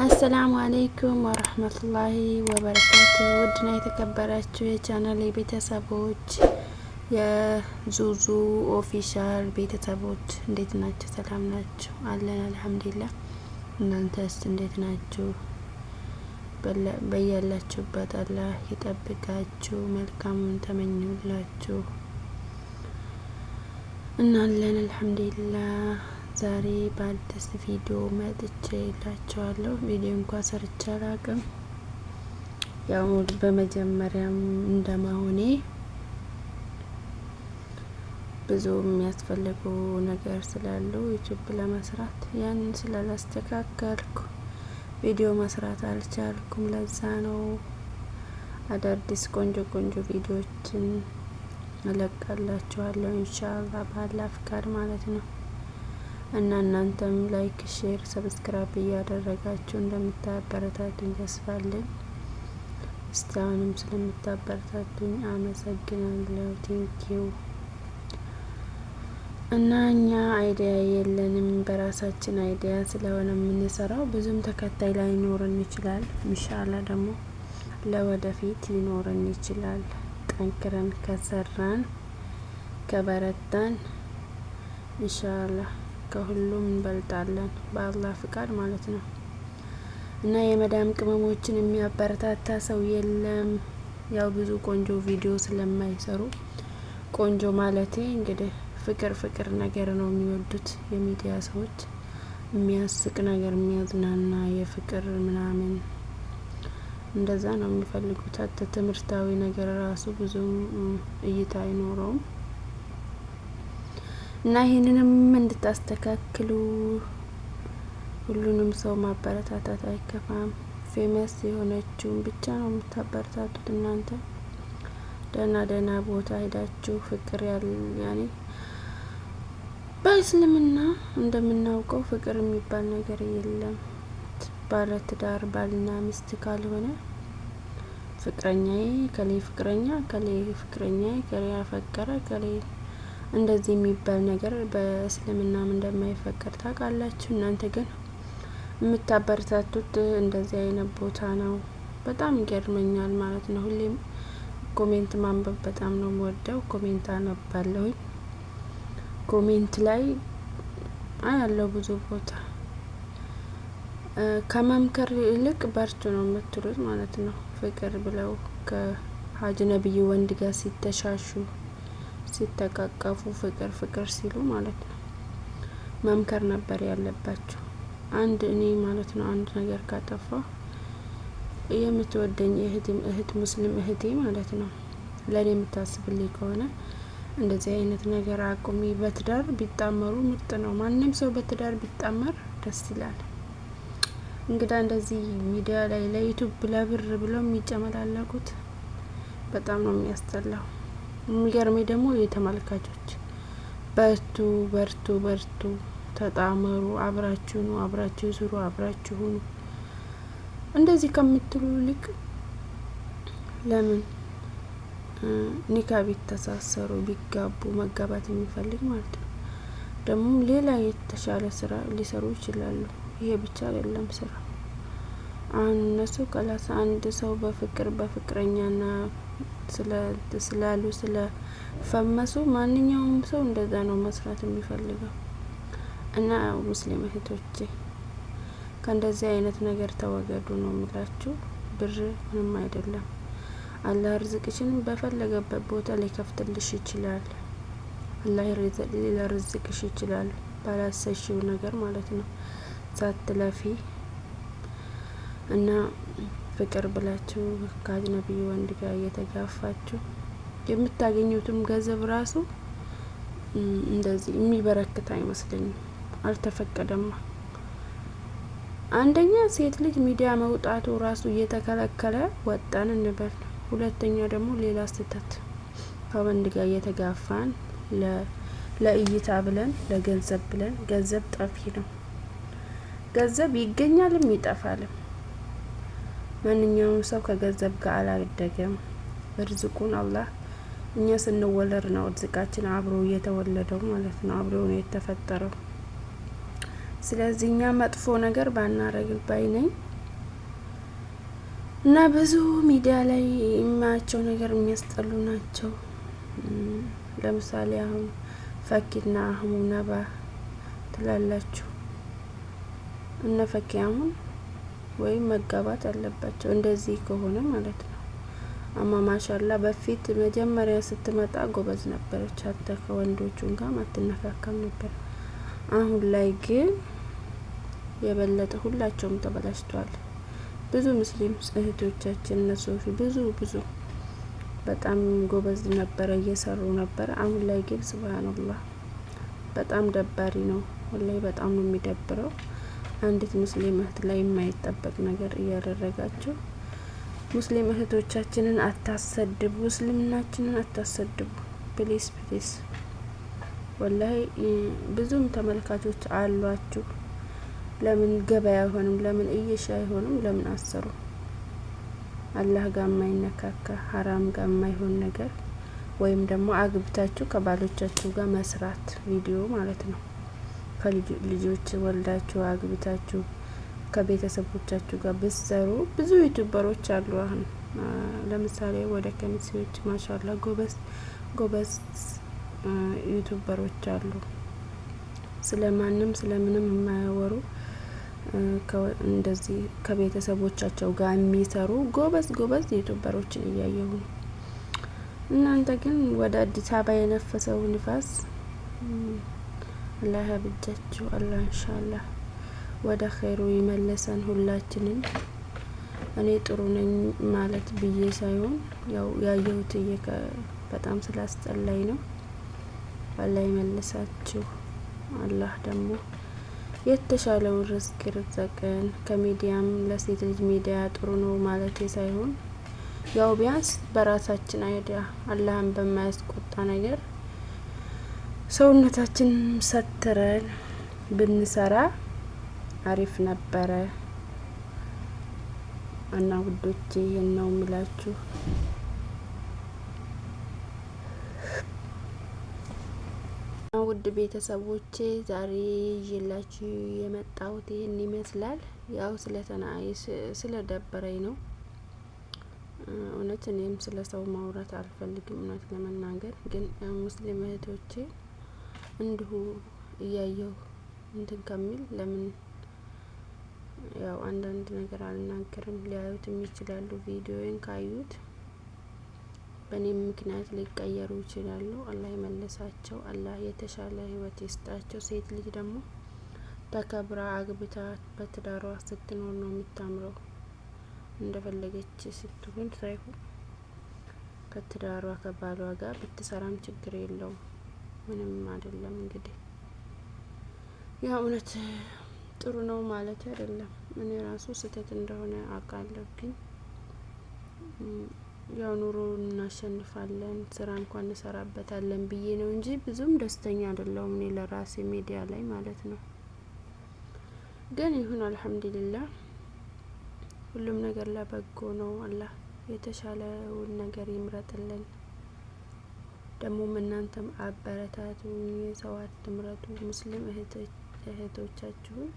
አሰላሙ አሌይኩም ወረህመቱላሂ ወበረካቱ። ውድና የተከበራችሁ የቻናል ቤተሰቦች የዙዙ ኦፊሻል ቤተሰቦች እንዴት ናቸው? ሰላም ናቸው አለን። አልሐምዱላ። እናንተስ እንዴት ናችሁ? በያላችሁበት አላህ ይጠብቃችሁ፣ መልካሙን ተመኙላችሁ። እናለን አልሐምዱላ ዛሬ በአዲስ ቪዲዮ መጥቼ እላቸዋለሁ። ቪዲዮ እንኳ ሰርቼ አላቅም። ያው በመጀመሪያም እንደመሆኔ ብዙ የሚያስፈልጉ ነገር ስላሉ ዩቱብ ለመስራት ያንን ስላላስተካከልኩ ቪዲዮ መስራት አልቻልኩም። ለዛ ነው አዳዲስ ቆንጆ ቆንጆ ቪዲዮዎችን እለቃላችኋለሁ። ኢንሻአላህ ባላ ፍቃድ ማለት ነው። እና እናንተም ላይክ፣ ሼር፣ ሰብስክራይብ እያደረጋችሁ እንደምታበረታቱኝ ተስፋለን። እስቲ አሁንም ስለምታበረታቱኝ አመሰግናለሁ። ዩ እና እኛ አይዲያ የለንም፣ በራሳችን አይዲያ ስለሆነ የምንሰራው ብዙም ተከታይ ላይኖረን ይችላል። ኢንሻአላ ደግሞ ለወደፊት ሊኖረን ይችላል። ጠንክረን ከሰራን ከበረታን ኢንሻላህ ከሁሉም እንበልጣለን በአላህ ፍቃድ ማለት ነው። እና የመዳም ቅመሞችን የሚያበረታታ ሰው የለም። ያው ብዙ ቆንጆ ቪዲዮ ስለማይሰሩ ቆንጆ ማለት እንግዲህ ፍቅር ፍቅር ነገር ነው የሚወዱት የሚዲያ ሰዎች፣ የሚያስቅ ነገር፣ የሚያዝናና የፍቅር ምናምን እንደዛ ነው የሚፈልጉት። ትምህርታዊ ነገር ራሱ ብዙ እይታ አይኖረውም። እና ይህንንም እንድታስተካክሉ ሁሉንም ሰው ማበረታታት አይከፋም። ፌመስ የሆነችውን ብቻ ነው የምታበረታቱት እናንተ ደህና ደህና ቦታ ሄዳችሁ ፍቅር ያኔ በእስልምና እንደምናውቀው ፍቅር የሚባል ነገር የለም። ባለ ትዳር ባልና ሚስት ካልሆነ ፍቅረኛዬ ከሌ ፍቅረኛ ከሌ ፍቅረኛ ከሌ ያፈቀረ ከሌ እንደዚህ የሚባል ነገር በእስልምናም እንደማይፈቀድ ታውቃላችሁ። እናንተ ግን የምታበረታቱት እንደዚህ አይነት ቦታ ነው። በጣም ይገርመኛል ማለት ነው። ሁሌም ኮሜንት ማንበብ በጣም ነው የምወደው። ኮሜንት አነባለሁኝ። ኮሜንት ላይ አያለው ብዙ ቦታ ከመምከር ይልቅ በርቱ ነው የምትሉት ማለት ነው። ፍቅር ብለው ከሀጅ ነብይ ወንድ ጋር ሲተሻሹ ሲተቃቀፉ ፍቅር ፍቅር ሲሉ ማለት ነው መምከር ነበር ያለባቸው። አንድ እኔ ማለት ነው አንድ ነገር ካጠፋ የምትወደኝ እህት ሙስሊም እህቴ ማለት ነው ለእኔ የምታስብልኝ ከሆነ እንደዚህ አይነት ነገር አቁሚ። በትዳር ቢጣመሩ ምርጥ ነው። ማንም ሰው በትዳር ቢጣመር ደስ ይላል። እንግዳ እንደዚህ ሚዲያ ላይ ለዩቱብ ለብር ብለው የሚጨመላለቁት በጣም ነው የሚያስጠላው። የሚገርመኝ ደግሞ የተመልካቾች በርቱ በርቱ በርቱ፣ ተጣመሩ፣ አብራችሁ ኑ፣ አብራችሁ ስሩ፣ አብራችሁ ሁኑ። እንደዚህ ከምትሉ ይልቅ ለምን ኒካ ቢተሳሰሩ ቢጋቡ መጋባት የሚፈልግ ማለት ነው። ደግሞ ሌላ የተሻለ ስራ ሊሰሩ ይችላሉ። ይሄ ብቻ አይደለም ስራ አሁን እነሱ አንድ ሰው በፍቅር በፍቅረኛና ስላሉ ስለፈመሱ ማንኛውም ሰው እንደዛ ነው መስራት የሚፈልገው እና ሙስሊም እህቶቼ ከእንደዚህ አይነት ነገር ተወገዱ ነው የሚላችሁ። ብር ምንም አይደለም። አላህ ርዝቅሽን በፈለገበት ቦታ ሊከፍትልሽ ይችላል። አላህ ሊረዝቅሽ ይችላል። ባላሰሽው ነገር ማለት ነው ሳትለፊ እና ፍቅር ብላችሁ ከአጅነቢይ ወንድ ጋር እየተጋፋችሁ የምታገኙትም ገንዘብ ራሱ እንደዚህ የሚበረክት አይመስለኝም። አልተፈቀደማ። አንደኛ ሴት ልጅ ሚዲያ መውጣቱ ራሱ እየተከለከለ ወጣን እንበል። ሁለተኛ ደግሞ ሌላ ስህተት ከወንድ ጋር እየተጋፋን ለእይታ ብለን ለገንዘብ ብለን ገንዘብ ጠፊ ነው። ገንዘብ ይገኛልም ይጠፋልም። ማንኛውም ሰው ከገንዘብ ጋር አላደገም። እርዝቁን አላህ እኛ ስንወለድ ነው እርዝቃችን አብሮ እየተወለደው ማለት ነው፣ አብሮ ነው የተፈጠረው። ስለዚህ እኛ መጥፎ ነገር ባናረግ ባይ ነኝ እና ብዙ ሚዲያ ላይ የማያቸው ነገር የሚያስጠሉ ናቸው። ለምሳሌ አሁን ፈኪና አህሙ ነባ ትላላችሁ እነ ፈኪ አሁን ወይም መጋባት አለባቸው። እንደዚህ ከሆነ ማለት ነው። አማ ማሻላ በፊት መጀመሪያ ስትመጣ ጎበዝ ነበረች። ሀታ ከወንዶቹን ጋር አትነካካም ነበር። አሁን ላይ ግን የበለጠ ሁላቸውም ተበላሽቷል። ብዙ ሙስሊም እህቶቻችን ነሶፊ ብዙ ብዙ በጣም ጎበዝ ነበረ እየሰሩ ነበር። አሁን ላይ ግን ስብሀንላህ በጣም ደባሪ ነው። ወላይ በጣም ነው የሚደብረው። አንዲት ሙስሊም እህት ላይ የማይጠበቅ ነገር እያደረጋችሁ ሙስሊም እህቶቻችንን አታሰድቡ፣ እስልምናችንን አታሰድቡ። ፕሊስ ፕሊስ። ወላሂ ብዙም ተመልካቾች አሏችሁ። ለምን ገበያ አይሆንም? ለምን እየሻ አይሆንም? ለምን አሰሩ? አላህ ጋር የማይነካካ ሀራም ጋር የማይሆን ነገር ወይም ደግሞ አግብታችሁ ከባሎቻችሁ ጋር መስራት ቪዲዮ ማለት ነው። ልጆች ወልዳችሁ አግብታችሁ ከቤተሰቦቻችሁ ጋር ብትሰሩ ብዙ ዩቱበሮች አሉ። አሁን ለምሳሌ ወደ ከሚሴዎች ማሻላ ጎበዝ ጎበዝ ዩቱበሮች አሉ። ስለማንም ስለምንም የማያወሩ እንደዚህ ከቤተሰቦቻቸው ጋር የሚሰሩ ጎበዝ ጎበዝ ዩቱበሮችን እያየሁ ነው። እናንተ ግን ወደ አዲስ አበባ የነፈሰው ንፋስ አላህ አብጃችሁ አላህ እንሻላህ ወደ ኸይሩ ይመለሰን ሁላችንን። እኔ ጥሩ ነኝ ማለት ብዬ ሳይሆን ያው ያየሁት በጣም ስላስጠላኝ ነው። አላህ ይመልሳችሁ። አላህ ደግሞ የተሻለውን ርዝቅ ይርዘቅን። ከሚዲያም ለሴት ልጅ ሚዲያ ጥሩ ነው ማለት ሳይሆን ያው ቢያንስ በራሳችን አይዲያ አላህን በማያስቆጣ ነገር ሰውነታችን ሰትረን ብንሰራ አሪፍ ነበረ እና ውዶቼ ይህን ነው ምላችሁ። ውድ ቤተሰቦቼ ዛሬ ይዤላችሁ የመጣሁት ይህን ይመስላል። ያው ስለ ደበረኝ ነው። እውነት እኔም ስለ ሰው ማውራት አልፈልግም፣ እውነት ለመናገር ግን ሙስሊም እህቶቼ እንዲሁ እያየሁ እንትን ከሚል ለምን ያው አንዳንድ ነገር አልናገርም። ሊያዩትም ይችላሉ። ቪዲዮን ካዩት በእኔም ምክንያት ሊቀየሩ ይችላሉ። አላህ የመለሳቸው፣ አላህ የተሻለ ህይወት ይስጣቸው። ሴት ልጅ ደግሞ ተከብራ አግብታ በትዳሯ ስትኖር ነው የምታምረው። እንደፈለገች ስትሆን ሳይሆን ከትዳሯ ከባሏ ጋር ብትሰራም ችግር የለውም። ምንም አይደለም። እንግዲህ ያ እውነት ጥሩ ነው ማለት አይደለም። እኔ ራሱ ስህተት እንደሆነ አውቃለሁ፣ ግን ያው ኑሮ እናሸንፋለን ስራ እንኳን እንሰራበታለን ብዬ ነው እንጂ ብዙም ደስተኛ አይደለሁም እኔ ለራሴ ሚዲያ ላይ ማለት ነው። ግን ይሁን አልሐምዱሊላህ ሁሉም ነገር ለበጎ ነው። አላህ የተሻለውን ነገር ይምረጥልን። ደግሞም እናንተም አበረታቱ፣ የሰው ትምረቱ ሙስሊም እህቶቻችሁን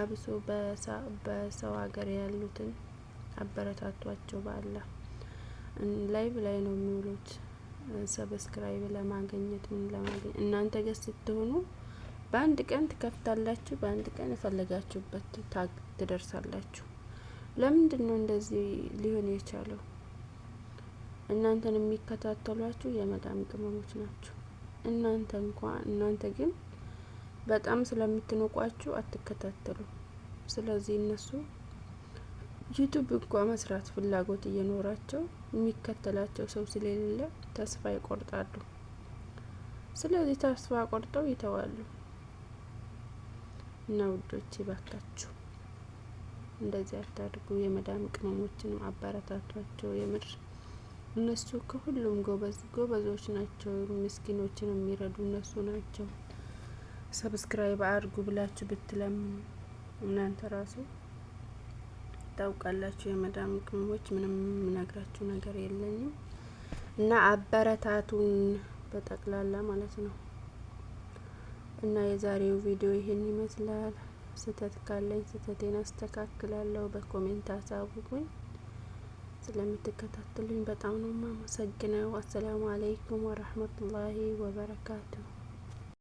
አብሶ በሰው ሀገር ያሉትን አበረታቷቸው። ባለ ላይቭ ላይ ነው የሚውሉት። ሰብስክራይብ ለማገኘት ምን ለማግኘት እናንተ ገስ ስትሆኑ በአንድ ቀን ትከፍታላችሁ፣ በአንድ ቀን የፈለጋችሁበት ታግ ትደርሳላችሁ። ለምንድን ነው እንደዚህ ሊሆን የቻለው? እናንተን የሚከታተሏችሁ የመዳም ቅመሞች ናቸው። እናንተ እንኳ እናንተ ግን በጣም ስለምትንቋችሁ አትከታተሉ ስለዚህ እነሱ ዩቱብ እንኳ መስራት ፍላጎት እየኖራቸው የሚከተላቸው ሰው ስለሌለ ተስፋ ይቆርጣሉ። ስለዚህ ተስፋ ቆርጠው ይተዋሉ። እና ውዶች ይባካችሁ እንደዚህ አታድርጉ። የመዳም ቅመሞችን አበረታቷቸው የምር እነሱ ከሁሉም ጎበዝ ጎበዞች ናቸው። ምስኪኖችን የሚረዱ እነሱ ናቸው። ሰብስክራይብ አድርጉ ብላችሁ ብትለምኑ እናንተ ራሱ ታውቃላችሁ። የመዳም ቅመሞች ምንም የምነግራችሁ ነገር የለኝም እና አበረታቱን በጠቅላላ ማለት ነው። እና የዛሬው ቪዲዮ ይህን ይመስላል። ስህተት ካለኝ ስህተቴን አስተካክላለሁ። በኮሜንት አሳውቁኝ። ስለምትከታተሉኝ በጣም ነው የማመሰግነው። አሰላሙ አለይኩም ወረህመቱላሂ ወበረካቱሁ።